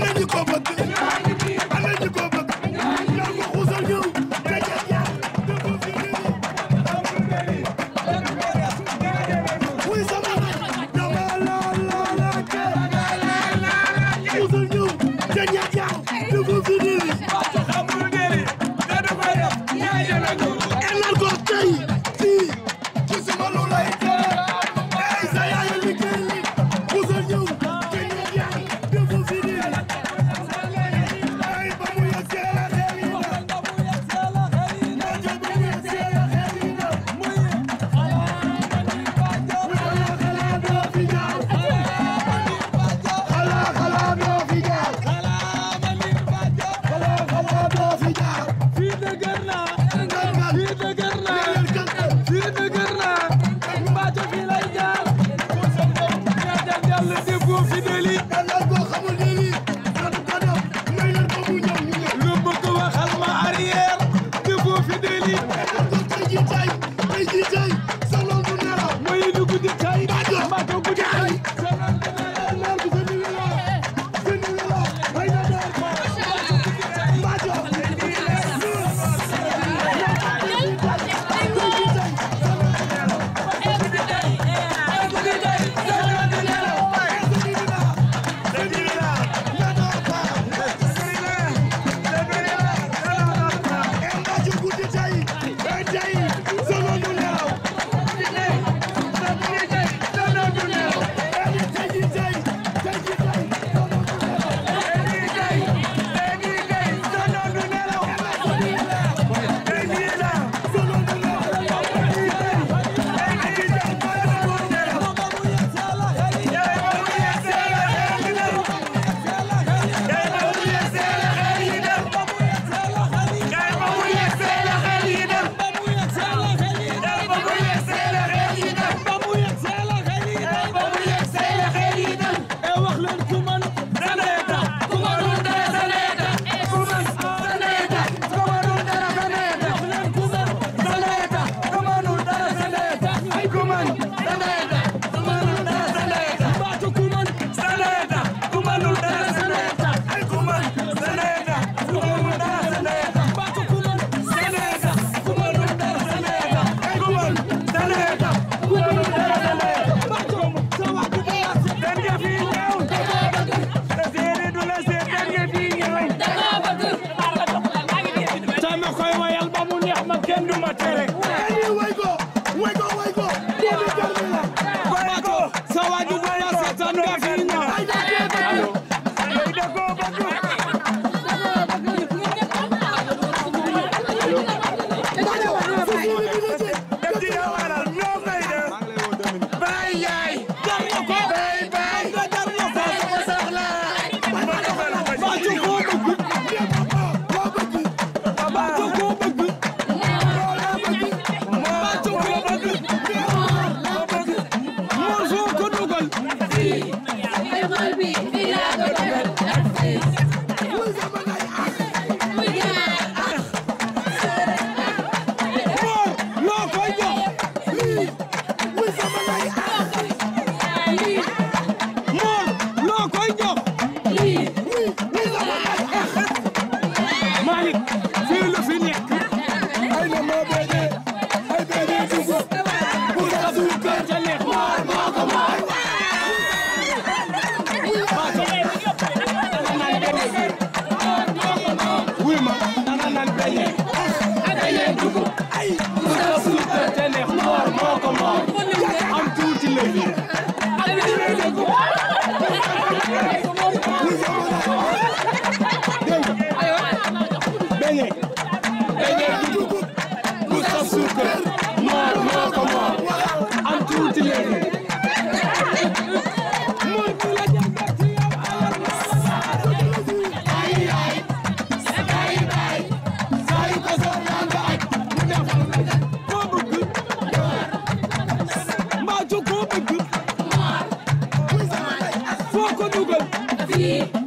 you ñu ko bëgg peñe peñe dugub bu sa suukar moor moo ko moor am tuuti léegi Yeah.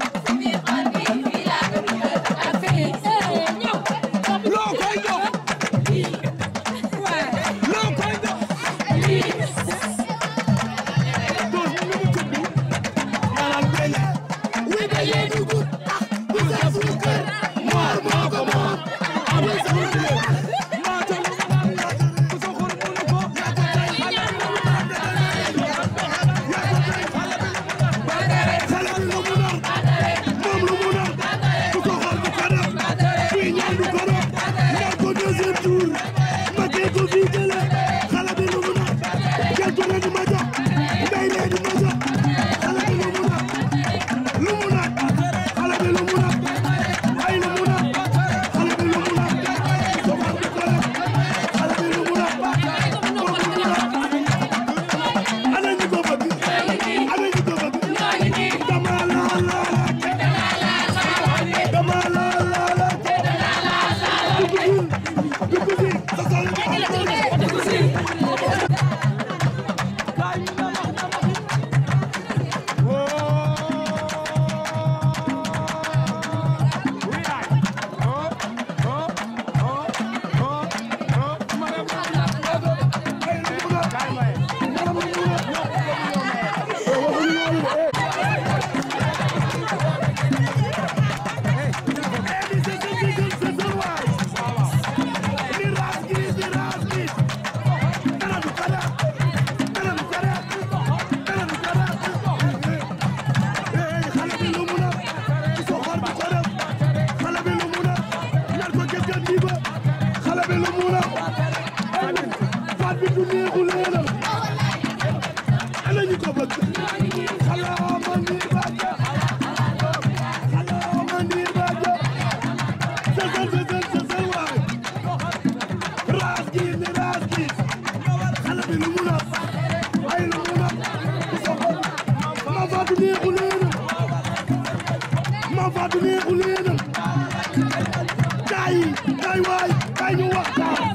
Kayi, kayi woy, kayi nou wak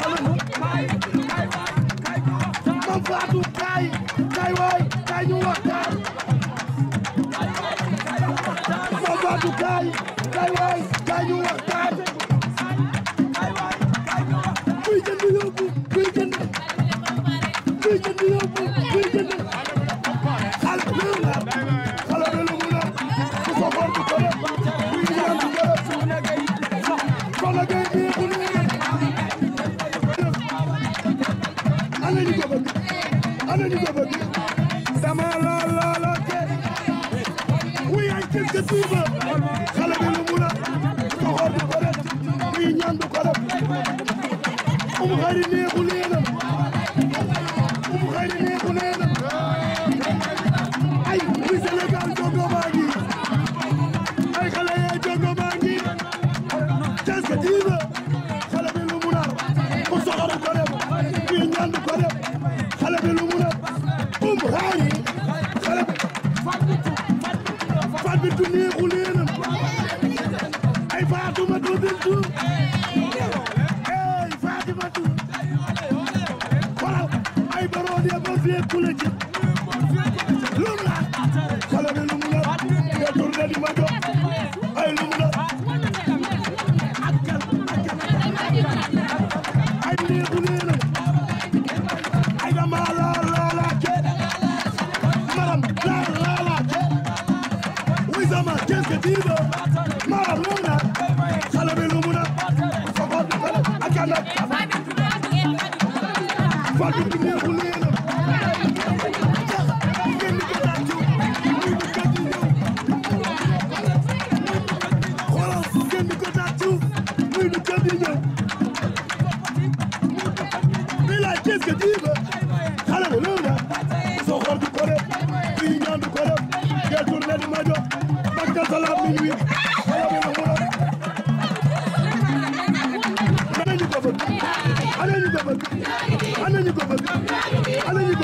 umu xayri neexu leenam umu xayri neexu leenam ay mi Sénégal jongo baa ngi ay xale yee jongo baa ngi cas ka lu mu nar ku soxoru ko def kii ñaandu ko def xale bi lu mu nar umu xayri xale ku la jël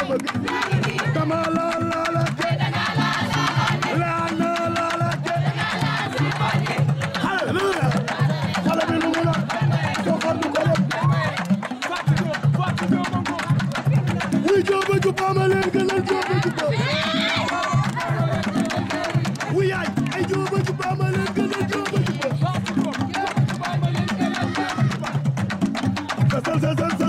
ko bëgg dama la la la Zazazaz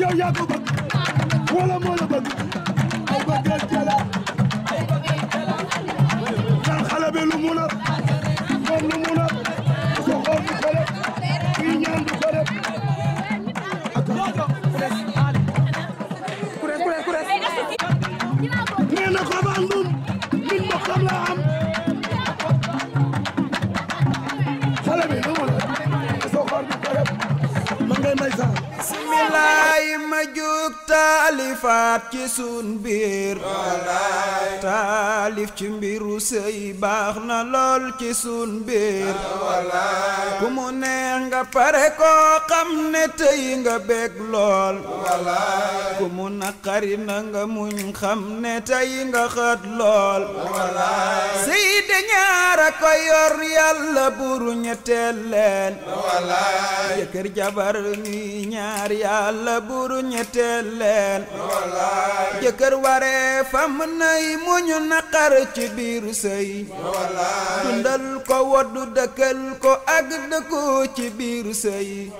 yow yaa ko bëgg wala moo la bëgg ay bëggal jala lu mun a moom lu mun a taalifaat ci sun biir taalif ci mbiru sëy baax na lool ci sun biir ku mu neex nga pare koo xam ne tey nga bég lool ku mu naqari na nga muñ xam ne tey nga xët lool sëy a ko yor yàlla buru ñetteel leen jëkkër jabar ñuy ñaar yàlla buru ñetteel jëkkër waree fam nay muñu naqar ci biiru sëy dundal ko woddu dëkkal ko ak dëkku ci biiru sëy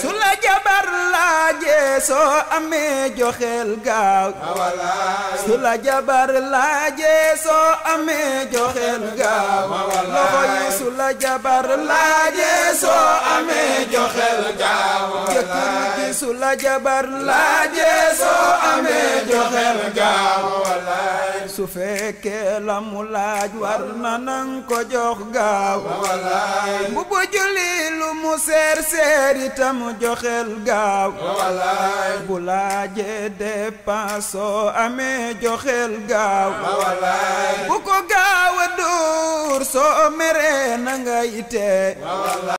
su la jabar laajee soo amee joxeel gaaw su jabar laajee soo amee joxeel xel gaaw loxo yuusu soo amee joxel gaaw bu bu julli soo amee joxel gaaw buur soo mere na nga yitte